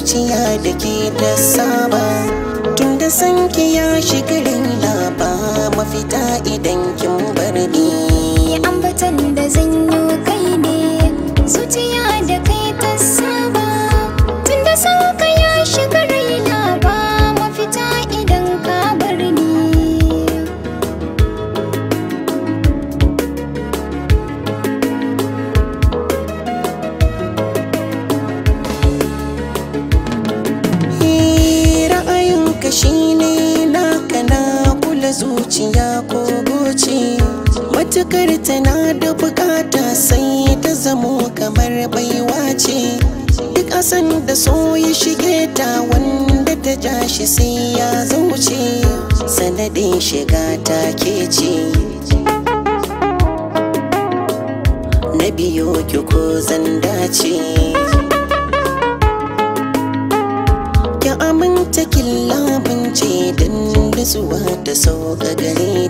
zuciya da ke da saba tun da sanki ya shiga laba mafita idan kin bar ni ambatan da zan yi kai ne zuciya da kai ta saba tun da ya ko matukar tana da bukata sai ta zamo kamar baiwa ce duk asan da so ya shige ta wanda ta ja shi sai ya zauce sanadin shiga ta ke ci na biyo ki ko zan dace aminta killa labince dan har zuwa da sauka gare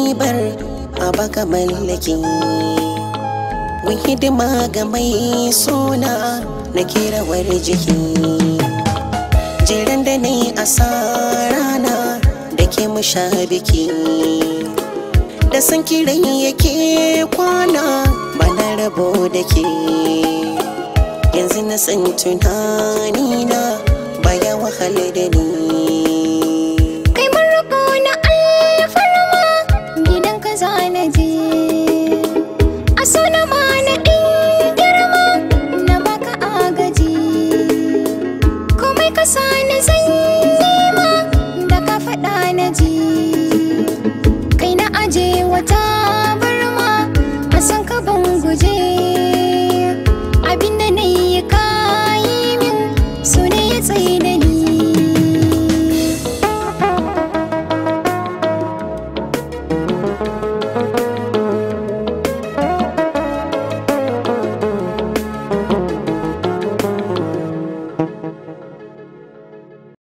bar a baka mallaki mun hidima ga mai suna na kirawar jiki jiran da ne a rana da ke musha biki da san kiran yake kwana ba na rabo da ke yanzu na san tunanina अवान one वान